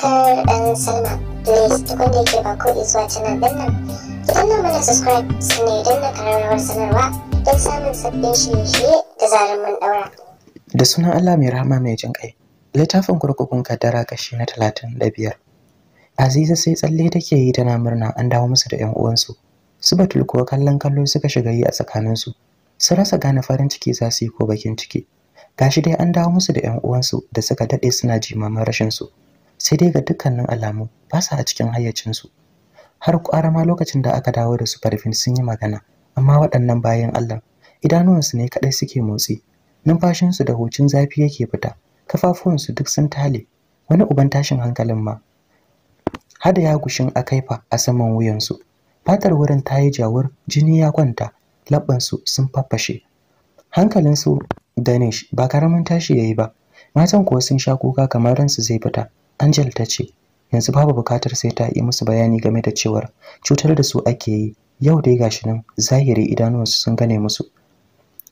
subscribe and sign up. Please da ba ko subscribe sanarwa don samun da sunan Allah mai rahama mai jin kai. Littafin kurkukun kaddara kashi na talatin da biyar. Aziza sai tsalle take yi tana murna an dawo musu da 'yan uwansu. Su Batul kuwa kallon kallo suka shiga yi a tsakaninsu. Su rasa gane farin ciki za su yi ko bakin ciki. Gashi dai an dawo musu da 'yan uwansu da suka daɗe suna jimaman rashin su. sai dai ga dukkanin alamu ba sa a cikin hayyacinsu har kwara ma lokacin da aka dawo da su farfin sun yi magana amma waɗannan bayan allah idanuwansu ne kaɗai suke motsi numfashinsu da hucin zafi yake fita kafafuwansu duk sun tale wani uban tashin hankalin ma hada ya gushin a kaifa a saman wuyansu fatar wurin ta yi jawur jini ya kwanta labbansu sun faffashe hankalinsu danish ba karamin tashi ya yi ba matan kuwa sun sha kuka kamar ransu zai fita Angel ta ce, yanzu babu bukatar sai ta yi musu bayani game da cewar cutar da su ake yi yau dai gashi nan zahiri idanuwansu sun gane musu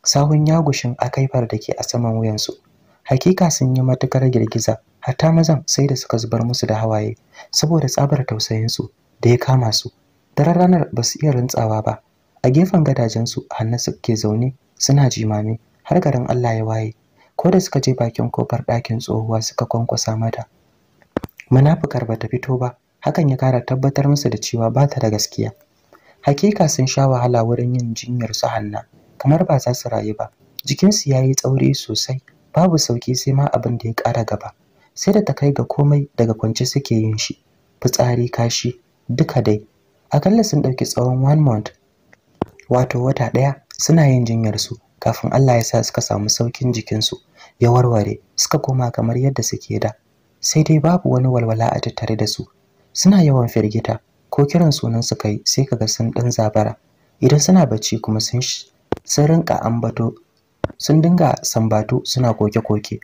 sahun yagushin akaifar da ke a saman wuyansu hakika sun yi matukar girgiza hatta mazan sai da suka zubar musu da hawaye saboda tsabar tausayinsu da ya kama su daren ranar ba su iya rintsawa ba a gefen gadajensu hannasu ke zaune suna jimami har garin allah ya waye ko da suka je bakin kofar ɗakin tsohuwa suka kwankwasa mata munafukar bata fito ba hakan ya kara tabbatar musu da cewa ba ta da gaskiya hakika sun sha wahala wurin yin jinyar su hanna kamar ba za su rayu ba jikin su yayi tsauri sosai babu sauki sai ma abin da ya ƙara gaba sai da ta kai ga komai daga kwance suke yin shi fitsari kashi duka dai akalla sun ɗauki tsawon one month wato wata ɗaya suna yin jinyar su, kafin Allah ya sa suka samu saukin jikin su ya warware suka koma kamar yadda suke da sai dai babu wani walwala a tattare da su suna yawan firgita ko kiran sunan su kai sai kaga sun dan zabara idan suna bacci kuma sun sun rinka ambato sun dinga sambato suna koke-koke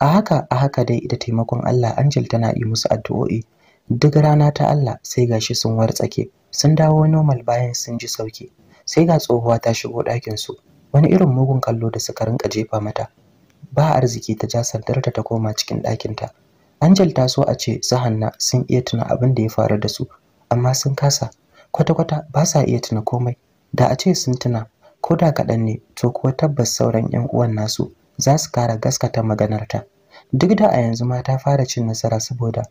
a haka a haka dai da taimakon Allah Anjil tana yi musu addu'o'i duk rana ta Allah sai gashi sun wartsake sun dawo normal bayan sun ji sauki sai ga tsohuwa ta shigo ɗakin su wani irin mugun kallo da suka rinka jefa mata ba arziki ta ja sandarta ta koma cikin ɗakinta Angel ta so a ce su Hanna sun iya tuna abin da ya faru da su amma sun kasa kwata-kwata ba sa iya tuna komai da a ce sun tuna ko da kaɗan ne to kuwa tabbas sauran 'yan uwan nasu za su kara gaskata maganarta duk da a yanzu ma ta fara cin nasara saboda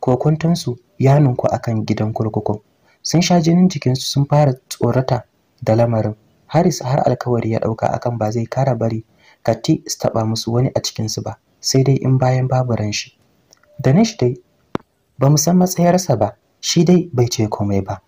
kokuntunsu ya ninku kan gidan kurkukun sun sha jinin jikinsu sun fara tsorata da lamarin haris har alkawari ya ɗauka akan ba zai kara bari kati su taɓa musu wani a cikinsu ba sai dai in bayan babu ran shi Da Danish dai ba mu san matsayarsa ba, shi dai bai ce komai ba.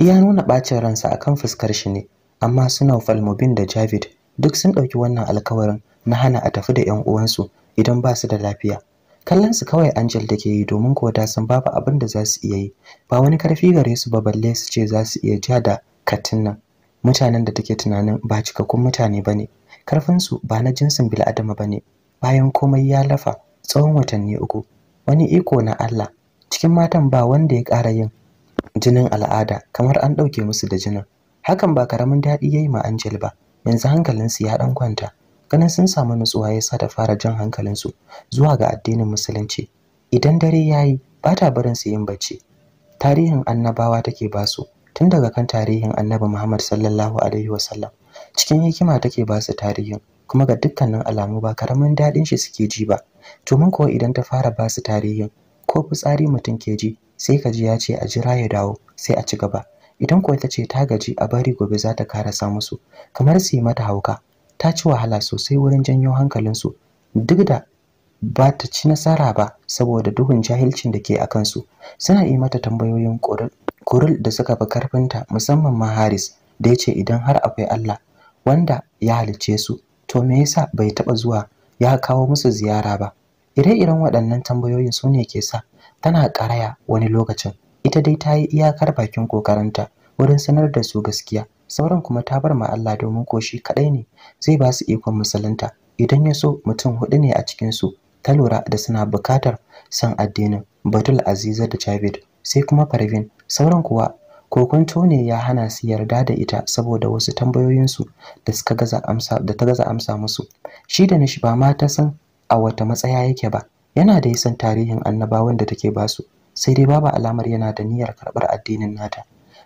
Iya nuna ɓacin ransa akan fuskar shi ne, amma suna Falmobin da Javid duk sun ɗauki wannan alkawarin na hana a tafi da 'yan uwansu idan ba su da lafiya. Kallon su kawai Angel da ke yi domin ko ta san babu abin da za su iya yi, ba wani karfi gare su ba balle su ce za su iya ja da katin nan. Mutanen da take tunanin ba cikakkun mutane ba ne, karfinsu ba na jinsin bil'adama ba ne, bayan komai ya lafa tsawon watanni uku wani iko na Allah cikin matan ba wanda ya ƙara yin jinin al'ada kamar an ɗauke musu da jinin hakan ba karamin daɗi ya yi ma Angel ba yanzu hankalinsu ya ɗan kwanta ganin sun samu nutsuwa ya sa ta fara jan hankalinsu zuwa ga addinin musulunci idan dare ya yi ba ta barin su yin bacci tarihin annabawa take su tun daga kan tarihin annabi Muhammad sallallahu alaihi wasallam cikin hikima take basu tarihin kuma ga dukkanin alamu ba karamin daɗin shi suke ji ba to mun kuwa idan ta fara ba su tarihin ko fitsari mutum ke ji sai ka ji ya ce a jira ya dawo sai a ci gaba idan kuwa ta ce ta gaji a bari gobe za ta karasa musu kamar su yi mata hauka ta ci wahala sosai wurin janyo hankalin su, duk da ba ta ci nasara ba saboda duhun jahilcin da ke a kansu suna yi mata tambayoyin kurul da suka fi karfinta musamman ma haris da ya ce idan har akwai allah wanda ya halicce su to me yasa bai taɓa zuwa ya kawo musu ziyara ba ire-iren waɗannan tambayoyin su ne ke sa tana karaya wani lokacin ita dai ta yi iyakar bakin kokarinta wurin sanar da su gaskiya sauran kuma ta bar ma Allah domin ko shi kadai ne zai ba su ikon musulunta idan ya so mutum hudu ne a cikin su ta lura da suna bukatar san addinin Batul Aziza da Javid sai kuma Parvin sauran kuwa kokonto ne ya hana su yarda da ita saboda wasu tambayoyinsu da suka gaza amsa da ta gaza amsa musu shi da nishi ba ma ta san a wata matsaya yake ba yana da yasan tarihin annabawan da take basu sai dai babu alamar yana da niyyar karɓar addinin nata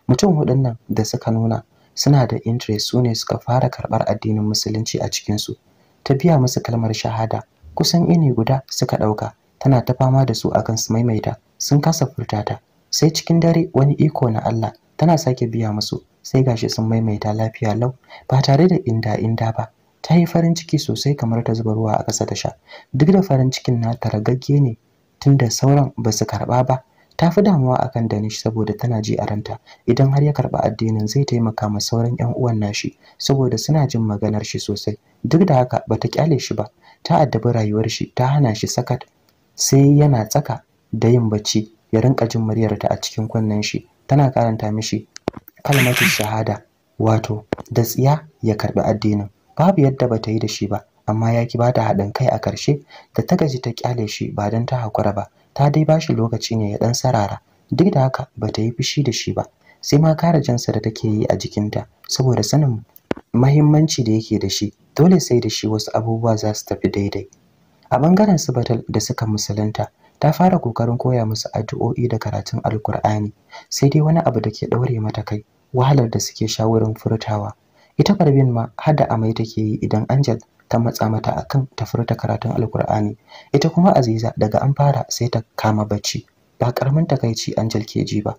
mutum waɗannan da suka nuna suna da interest sune suka fara karɓar addinin musulunci a cikin su ta biya musu kalmar shahada kusan ini guda suka ɗauka tana ta fama da su akan su maimaita sun kasa furtata sai cikin dare wani iko na Allah tana sake biya musu sai gashi sun maimaita lafiya lau ba tare da inda inda ba ta yi farin ciki sosai kamar ta zuba ruwa a ƙasa ta sha duk da farin cikin na ragagge ne tunda sauran ba su karɓa ba ta fi damuwa akan Danish saboda tana ji a ranta idan har ya karɓa addinin zai taimaka ma sauran 'yan uwan nashi saboda suna jin maganar shi sosai duk da haka ba ta kyale shi ba ta addabi rayuwar shi ta hana shi sakat sai yana tsaka da yin bacci ya rinka jin muryarta a cikin kunnen shi tana karanta mishi kalmatu shahada wato da tsiya ya karbi addinin babu yadda bata yi da shi ba amma ya ki bata haɗin kai a ƙarshe da ta gaji ta kyale shi ba don ta haƙura ba ta dai bashi lokaci ne ya ɗan sarara duk da haka bata yi fushi da shi ba sai ma kare jansa da take yi a jikinta saboda sanin mahimmanci da yake da shi dole sai da shi wasu abubuwa za su tafi daidai a bangaren su batal da suka musulunta ta fara kokarin koya musu addu'o'i da karatun alkur'ani sai dai wani abu da ke ɗaure mata kai wahalar da suke sha wurin furtawa ita farbin ma har da amai take yi idan angel ta matsa mata akan ta furta karatun alkur'ani ita kuma aziza daga an fara sai ta kama bacci ba karamin takaici angel ke ji ba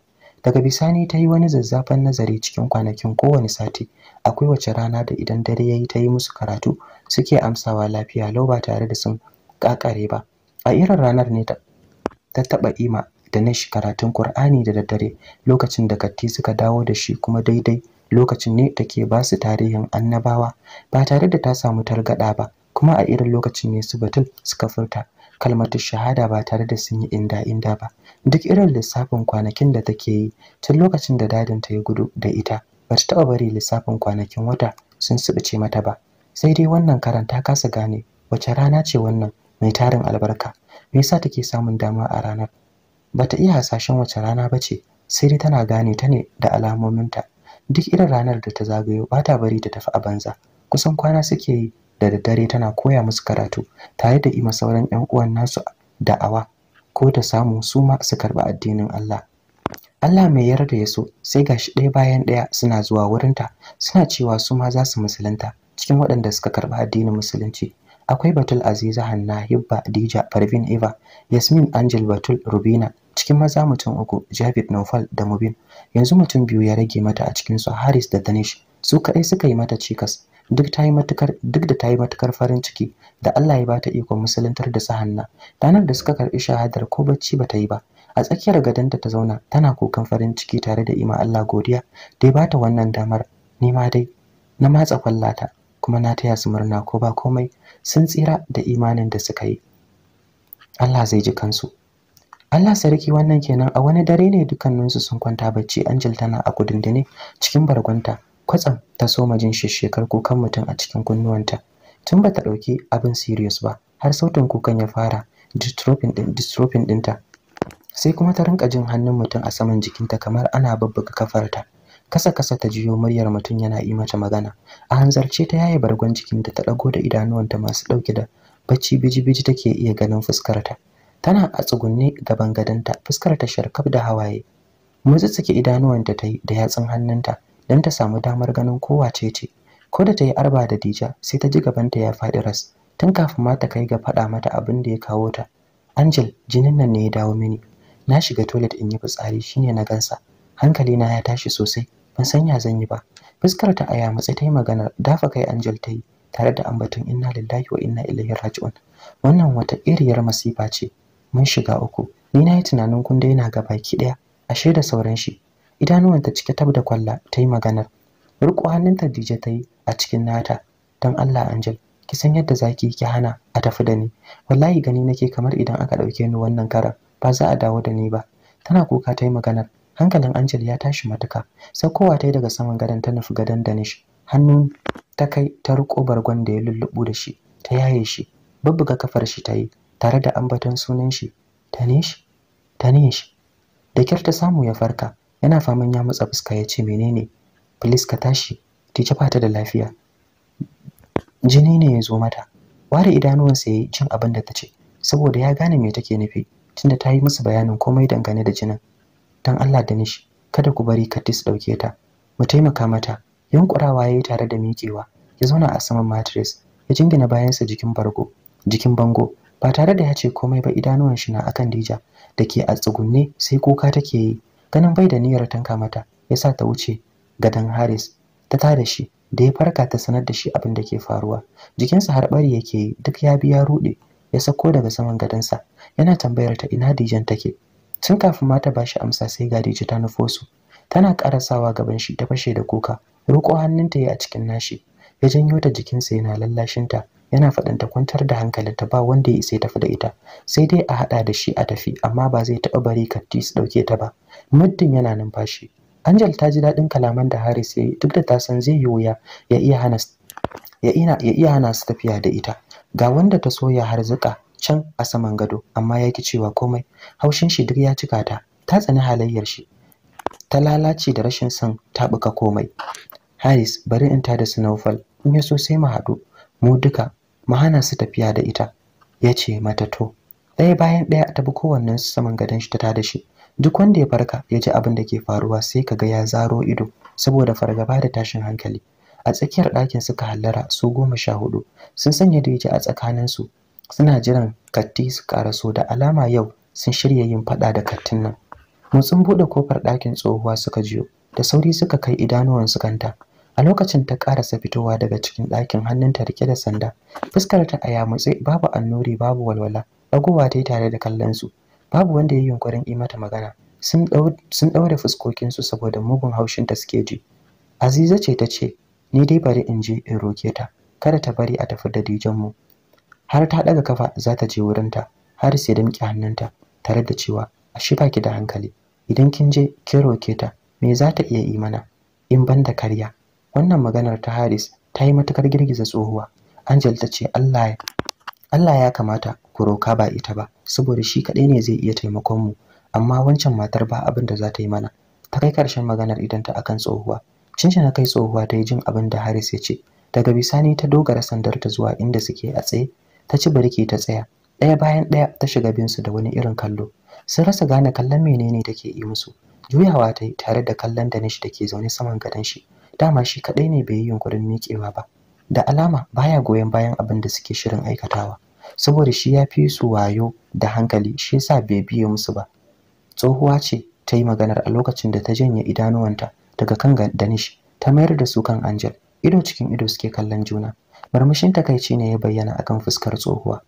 daga bisani ta yi wani zazzafan nazari cikin kwanakin kowane sati akwai wace rana da idan dare ya yi ta yi musu karatu suke amsawa lafiya lau ba tare da sun kakare ba a irin ranar ne ta ta taɓa ima da na shi karatun ƙur'ani da daddare lokacin da katti suka dawo da shi kuma daidai lokacin ne take ba su tarihin annabawa ba tare da ta samu targaɗa ba kuma a irin lokacin ne su batun suka furta kalmatu shahada ba tare da sun yi inda inda ba duk irin lissafin kwanakin da take yi tun lokacin da dadin ta ya gudu da ita ba ta taɓa bari lissafin kwanakin wata sun subuce mata ba sai dai wannan karanta kasa gane wace rana ce wannan mai tarin albarka me yasa take samun dama a ranar bata iya hasashen wace rana bace sai dai tana gane ta ne da ta. duk irin ranar da ta zagayo bata bari ta tafi a banza kusan kwana suke yi da daddare tana koya musu karatu tare da ima sauran yan uwan nasu da'awa ko ta samu su ma su karɓi addinin Allah Allah mai yarda ya so sai gashi ɗaya bayan ɗaya suna zuwa wurinta suna cewa su ma za su musulunta cikin waɗanda suka karɓi addinin musulunci akwai Batul Aziza Hanna Hibba Dija Parvin Eva Yasmin Angel Batul Rubina cikin maza mutum uku Javid Naufal da Mubin yanzu mutum biyu ya rage mata a cikin su Haris da Danish su kaɗai suka yi mata cikas duk ta yi matukar duk da ta yi matukar farin ciki da Allah ya bata ikon musuluntar da Sahanna ranar da suka karbi shahadar ko bacci bata yi ba a tsakiyar gadonta ta zauna tana kokan farin ciki tare da ima Allah godiya da ya bata wannan damar ni ma dai na matsa kwallata kuma na taya su murna ko ba komai sun tsira da imanin da suka yi Allah zai ji kansu Allah sarki wannan kenan a wani dare ne dukkaninsu sun kwanta bacci Angel tana a kudindine cikin bargonta kwatsam ta so majin shekar kukan mutum a cikin kunnuwanta tun bata ɗauki abin serious ba har sautin kukan ya fara dystrophin din dinta sai kuma ta rinka jin hannun mutum a saman jikinta kamar ana babbaga kafarta kasa kasa ta jiyo muryar mutum yana yi mata magana a hanzarce ta yaye bargon jikinta ta ɗago da idanuwanta masu ɗauke da bacci biji-biji take iya ganin fuskarta tana a tsugunne gaban gadanta fuskar ta sharkaf da hawaye take idanuwanta ta yi da yatsun hannunta dan ta samu damar ganin kowa ce ko da ta yi arba da dija sai ta ji gabanta ya faɗi ras tun kafin ma ta kai ga faɗa mata abin da ya kawo ta angel jinin nan ne ya dawo mini na shiga toilet in yi fitsari shine na gansa Hankali na ya tashi sosai ban san ya zan yi ba fuskar ta aya matsa ta yi magana dafa kai Angel ta tare da ambaton inna lillahi wa inna ilaihi raji'un wannan wata iriyar masifa ce mun shiga uku ni na yi tunanin kun daina ga baki daya ashe da sauran shi idanuwanta cike tab da kwalla ta yi maganar riko hannunta dije ta yi a cikin nata don allah angel ki san yadda zaki ki hana a tafi da ni wallahi gani nake kamar idan aka ɗauke ni wannan kara ba za a dawo da ni ba tana kuka ta yi maganar hankalin Angel ya tashi matuka Sai kowa ta yi daga saman gadon ta nufi gadon Danish hannun ta kai ta riko bargon da ya lullubu da shi ta yaye shi bubbuga kafar shi ta yi tare da ambaton sunan shi Danish Danish da kyar ta samu ya farka yana faman ya matsa fuska ya ce menene please ka tashi tice fata da lafiya jini ne ya zo mata ware idanuwansa ya yi cin abin da ta ce saboda ya gane me take nufi tunda ta yi musu bayanin komai dangane da jinin dan Allah da nishi kada ku bari Katis dauke ta mu taimaka mata yankurawa yayi tare da mikewa ya zauna a saman mattress ya jingina bayansa jikin bargo jikin bango ba tare da ya ce komai ba idanuwan shi na akan Dija dake a tsugunne sai kuka take yi ganin bai da niyyar tanka mata yasa ta wuce Gadon Haris ta tada shi da ya farka ta sanar da shi abin da ke faruwa jikinsa har bari yake yi duk ya biya rude ya sako daga saman gadansa yana tambayar ta ina Dijan take sun kafin mata ba shi amsa sai ga Dije ta nufo su tana karasawa gaban shi ta fashe da kuka roƙo hannunta ya a cikin nashi ya janyo ta jikinsa yana lallashinta yana faɗin ta kwantar da hankalinta ba wanda ya isa ya tafi da ita sai dai a haɗa da shi a tafi amma ba zai taɓa bari katti su ɗauke ta ba muddin yana numfashi Angel ta ji daɗin kalaman da Haris ya yi duk da ta san zai yi wuya ya iya hana ya iya hana su tafiya da ita ga wanda ta soya har zuƙa can a saman gado amma ya ki cewa komai haushin shi duk ya cika ta ta tsani halayyar shi ta lalace da rashin son tabuka komai Haris bari in tada Snowfall in ya so sai mu haɗu mu duka mu hana su tafiya da ita ya ce mata to ɗaya bayan ɗaya ta bi kowannen saman gadon shi ta tada shi duk wanda ya farka ya ji abin da ke faruwa sai kaga ya zaro ido saboda fargaba da tashin hankali a tsakiyar ɗakin suka hallara su goma sha hudu sun sanya DJ a tsakaninsu suna jiran katti su karaso da alama yau sun shirya yin fada da kattin nan motsin bude kofar ɗakin tsohuwa suka jiyo da sauri suka kai idanuwan su kanta a lokacin ta karasa fitowa daga cikin ɗakin hannunta rike da sanda fuskar ta aya mutse, babu annori babu walwala dagowa ta tare da kallon su babu wanda ya yi yunkurin yi mata magana sun ɗaure fuskokinsu saboda mugun haushin ta suke ji aziza ce ta ce ni dai bari in je in roke ta kada ta bari a tafi da mu. har ta ɗaga kafa za ta je wurinta haris ya damƙe hannunta tare da cewa ashe baki da hankali idan kin je kin roke ta me za ta iya yi mana in ban da karya wannan maganar ta haris ta yi matukar girgiza tsohuwa angel ta ce allah allah ya kamata ku roka ba ita ba saboda shi kaɗai ne zai iya taimakon mu amma wancan matar ba abin da za ta yi mana ta kai karshen maganar idan ta akan tsohuwa na kai tsohuwa ta yi jin abin da haris ya ce daga bisani ta dogara sandarta zuwa inda suke a tsaye ta ci barki ta tsaya ɗaya bayan ɗaya ta shiga bin su da wani irin kallo sun rasa gane kallon menene take yi musu juyawa ta yi tare da kallon da nishi da ke zaune saman gadon shi dama shi kaɗai ne bai yi yunkurin miƙewa ba da alama baya goyon bayan abin da suke shirin aikatawa saboda shi ya fi su wayo da hankali shi yasa bai biye musu ba tsohuwa ce ta yi maganar a lokacin da ta janye idanuwanta daga kan danish ta mayar da su kan angel ido cikin ido suke kallon juna Marmishin takaici ne ya bayyana akan fuskar tsohuwa.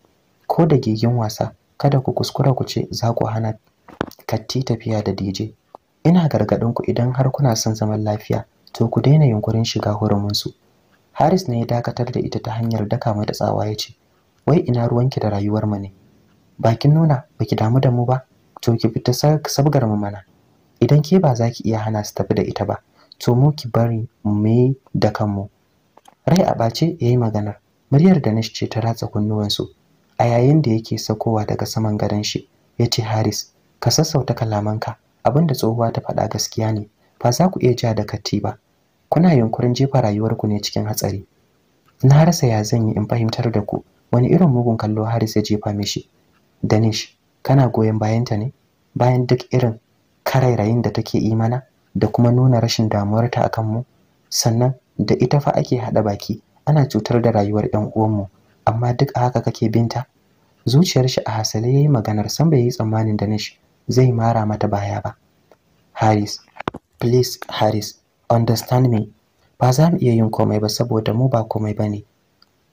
Ko da gigin wasa, kada ku kuskura ku ce za ku hana katti tafiya da DJ. Ina gargaɗin ku idan har kuna son zaman lafiya, to ku daina yunkurin shiga hurumin Haris ne ya dakatar da ita ta hanyar daka mata tsawa ya ce, "Wai ina ruwanki da rayuwar mu ne? Bakin nuna baki damu da mu ba, to ki fita sabgar mu mana. Idan ke ba za ki iya hana su tafi da ita ba, to mu ki bari mu da kanmu." rai a ɓace ya yi maganar muryar danish ce ta ratsa kunnuwansu a yayin da yake sakowa daga saman gadon shi ya ce haris ka sassauta kalamanka abinda tsohuwa ta faɗa gaskiya ne ba za ku iya ja da katti ba kuna yunkurin jefa rayuwarku ne cikin hatsari na rasa ya zan yi in fahimtar da ku wani irin mugun kallo haris ya jefa mishi danish kana goyon bayanta ne bayan duk irin karairayin da take yi mana da kuma nuna rashin damuwarta akan mu sannan da ita fa ake haɗa baki ana cutar da rayuwar 'yan uwanmu amma duk a haka kake binta zuciyar shi a hasale yayi maganar san bai yi tsammanin Danish zai mara mata baya ba Haris please Haris understand me ba za mu iya yin komai ba saboda mu ba komai bane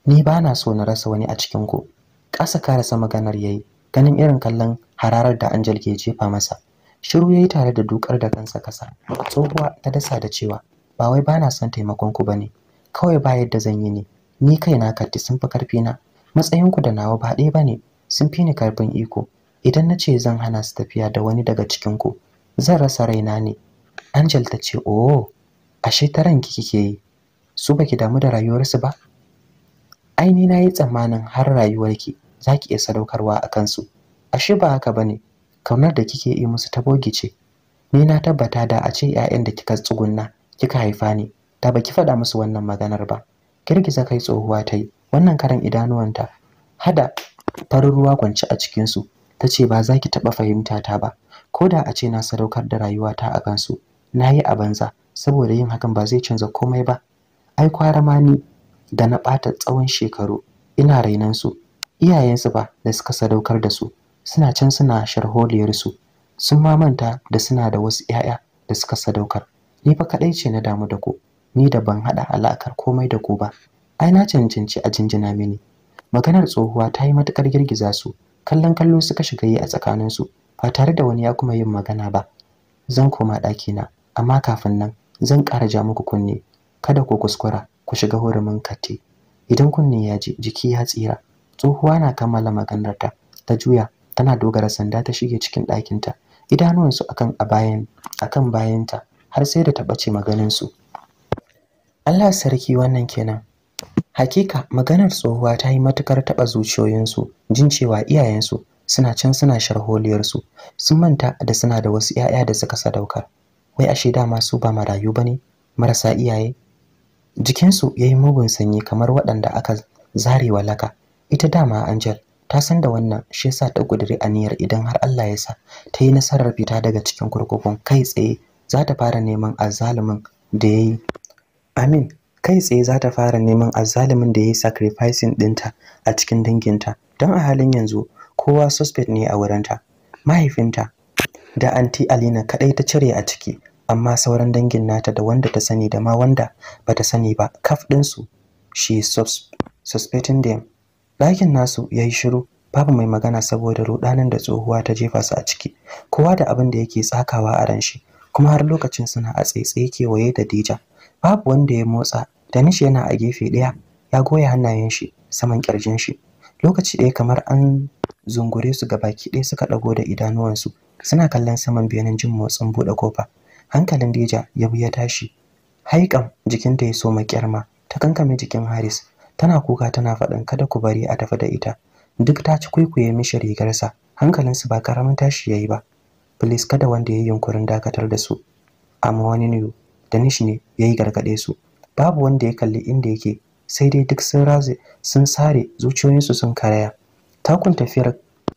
ni ba na so na rasa wani a cikin ku ƙasa rasa maganar yayi ganin irin kallon hararar da Angel ke jefa masa shiru yayi tare da dukar da kansa kasa tsohuwa ta dasa da cewa ba wai bana son taimakon ku bane kawai ba yadda zan yi ne ni kaina katti sun fi karfi na matsayin ku da nawa ba ɗaya bane sun fi ni karfin iko idan na ce zan hana su tafiya da wani daga cikin ku zan rasa raina ne Angel ta ce oh ashe ta ranki kike yi su baki damu da rayuwarsu ba ai ni na yi tsammanin har rayuwarki za ki iya sadaukarwa a kansu ashe ba haka bane kaunar da kike yi musu ta bogi ce ni na tabbata da a ce 'ya'yan da kika tsugunna kika haifa ne ta baki faɗa musu wannan maganar ba girgiza kai tsohuwa ta wannan karan idanuwanta hada farin ruwa kwance a cikin su tace ba za ki taɓa fahimta ta ba ko da a ce na sadaukar da rayuwata a kansu nayi a banza saboda yin hakan ba zai canza komai ba ai kwara ni da na ɓata tsawon shekaru ina rainan su iyayensu ba da suka sadaukar da su suna can suna sharholiyar su. sun mamanta da suna da wasu 'ya'ya da suka sadaukar ni fa kaɗai ce na damu da ku ni da ban hada alakar komai da ku ba ai na cancanci a jinjina mini maganar tsohuwa ta yi matukar girgiza su kallon kallo suka shiga yi a tsakaninsu ba tare da wani ya kuma yin magana ba zan koma ɗakina amma kafin nan zan ƙara ja muku kunne kada ku kuskura ku shiga hurumin kate idan kunne ya ji jiki ya tsira tsohuwa na kammala maganarta ta juya tana dogara sanda ta shige cikin ɗakinta idanuwansu akan a bayan akan bayanta har sai da ta ɓace maganinsu Allah sarki wannan kenan hakika maganar tsohuwa ta yi matukar taɓa zuciyoyinsu jin cewa iyayensu suna can suna sharholiyarsu sun manta da suna da wasu 'ya'ya da suka sadaukar wai ashe dama su ba marayu bane marasa iyaye jikinsu ya yi mugun sanyi kamar waɗanda aka zarewa laka ita dama angel ta san da wannan shi yasa ta ƙudiri aniyar idan har Allah ya sa ta yi nasarar fita daga cikin kurkukun kai tsaye za ta fara neman azzalumin da ya yi amin kai tsaye za ta fara neman azzalumin da ya yi sacrificing ɗinta a cikin danginta don a halin yanzu kowa suspect ne a wurinta mahaifinta da anti alina kaɗai ta cire a ciki amma sauran dangin nata da wanda ta sani da ma wanda ba ta sani ba kaf ɗinsu she sus suspecting them ɗakin nasu ya yi shiru babu mai magana saboda rudanin da tsohuwa ta jefa su a ciki kowa da abin da yake tsakawa a ran shi kuma har lokacin suna a tsaitsaye kewaye da Dija. Babu wanda ya motsa, Danish yana a gefe ɗaya, ya goya hannayen shi saman kirjin shi. Lokaci ɗaya kamar an zungure su ga baki ɗaya suka ɗago da idanuwansu, suna kallon saman benin jin motsin buɗe kofa. Hankalin Dija ya bi ya tashi. jikin jikinta ya so kyarma ta kankame jikin Haris, tana kuka tana faɗin kada ku bari a tafi da ita. Duk ta ci kwaikwaye mishi rigarsa, hankalinsu ba ƙaramin tashi ya yi ba. please kada wanda ya yi yunkurin dakatar da su amma wani ne da nishi ne ya yi gargaɗe su babu wanda ya kalli inda yake sai dai duk sun raze sun sare zuciyoyinsu sun karaya takun tafiyar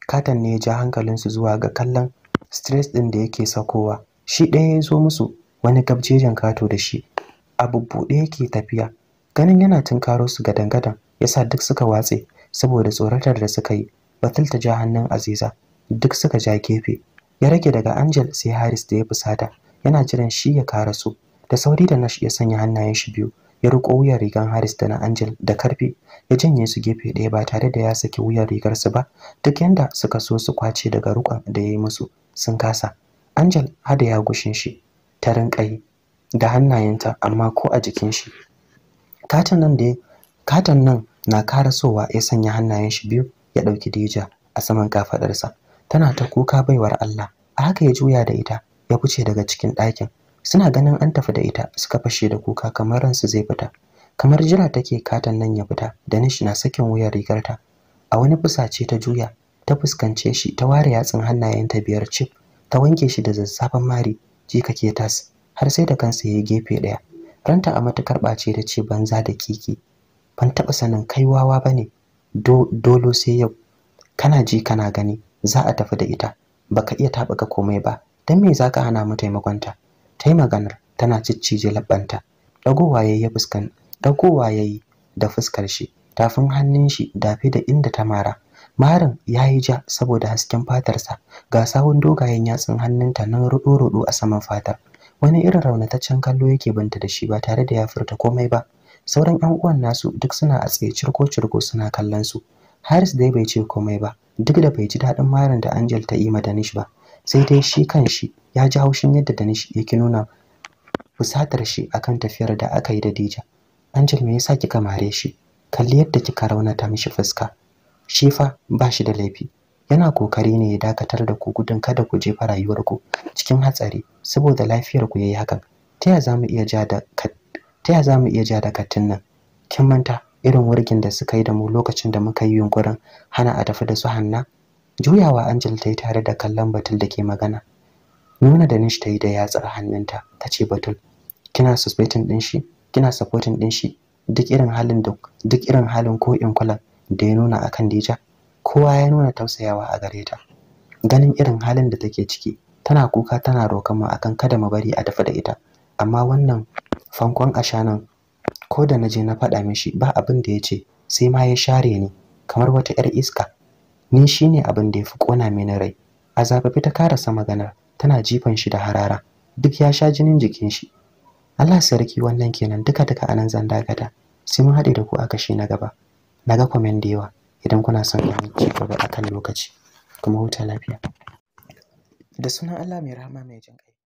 katan ne ya ja hankalinsu zuwa ga kallon stress ɗin da yake sakowa shi ɗaya ya zo musu wani gabjejen kato da shi a bubbuɗe yake tafiya ganin yana tunkaro su gadan-gadan sa duk suka watse saboda tsoratar da suka yi batul ta ja hannun aziza duk suka ja gefe ya rage daga Angel sai Haris da ya fusata yana jiran shi ya su, da sauri da Nash ya sanya hannayen shi biyu ya riko wuyar rigar Haris da na Angel da karfi ya janye su gefe ɗaya ba tare da ya saki wuyar rigar su ba duk yanda suka so su kwace daga rukon da ya yi musu sun kasa Angel hada ya gushin shi ta rinkai da hannayenta amma ko a jikin shi katon nan da katon nan na karasowa ya sanya hannayen shi biyu ya ɗauki Dija a saman kafaɗarsa tana ta kuka baiwar Allah a haka ya juya da ita ya fice daga cikin ɗakin suna ganin an tafi da ita suka fashe da kuka kamar ransu zai fita kamar jira take katan nan ya fita danish na sakin wuyar rigarta a wani fusace ta juya ta fuskance shi ta ware yatsun hannayenta biyar cif ta wanke shi da zazzafan mari ji ke tas har sai da kansa ya gefe ɗaya ranta a matukar ɓace da ce banza da kiki ban taɓa sanin kai wawa ba ne dolo sai yau kana ji kana gani za a tafi da ita baka iya tabaka komai ba dan me zaka hana mu taimakonta tai maganar tana ciccije labbanta dagowa yayi ya fuskan dagowa yayi da fuskar shi tafin hannun shi dafe da inda ta mara marin yayi ja saboda hasken fatarsa ga sawun dogayen yatsun hannunta nan rudu-rudu a saman fatar wani irin raunataccen kallo yake banta da shi ba tare da ya furta komai ba sauran 'yan uwan nasu duk suna a tsaye cirko-cirko suna kallon su Haris dai bai ce komai ba duk da bai ji daɗin marin da Angel ta yi ma Danish ba sai dai shi kanshi ya ji haushin yadda Danish yake nuna fusatar shi akan tafiyar da aka yi da Dija. Angel me yasa kika mare shi? Kalli yadda kika raunata mishi fuska. Shi fa ba shi da laifi. Yana kokari ne ya dakatar da ku gudun kada ku jefa rayuwarku cikin hatsari saboda lafiyar ku yayi hakan. Ta ya zamu iya ja da ta ya zamu iya ja da katin nan? Kin manta irin wurgin da suka yi da mu lokacin da muka yi yunkurin hana a tafi da su hanna juyawa angel ta yi tare da kallon batul da ke magana nuna da nish ta yi da yatsar hannunta ta ce batul kina suspecting din shi kina supporting din shi duk irin halin da duk irin halin ko in kula da ya nuna akan Dija kowa ya nuna tausayawa a gare ta ganin irin halin da take ciki tana kuka tana roƙon mu akan kada mu bari a tafi da ita amma wannan fankon ashanan ko da naje na faɗa mishi ba abin da ya ce sai ma ya share ni kamar wata 'yar iska ni shine abin da ya fi ƙona mini rai a zafafi ta karasa maganar tana jifan shi da harara duk ya sha jinin jikin shi Allah sarki wannan kenan duka duka anan zan dagata, sai mun haɗe da ku aka shi na gaba naga kwamen da yawa idan kuna son in ci gaba akan lokaci kuma huta lafiya da sunan Allah mai rahama mai jin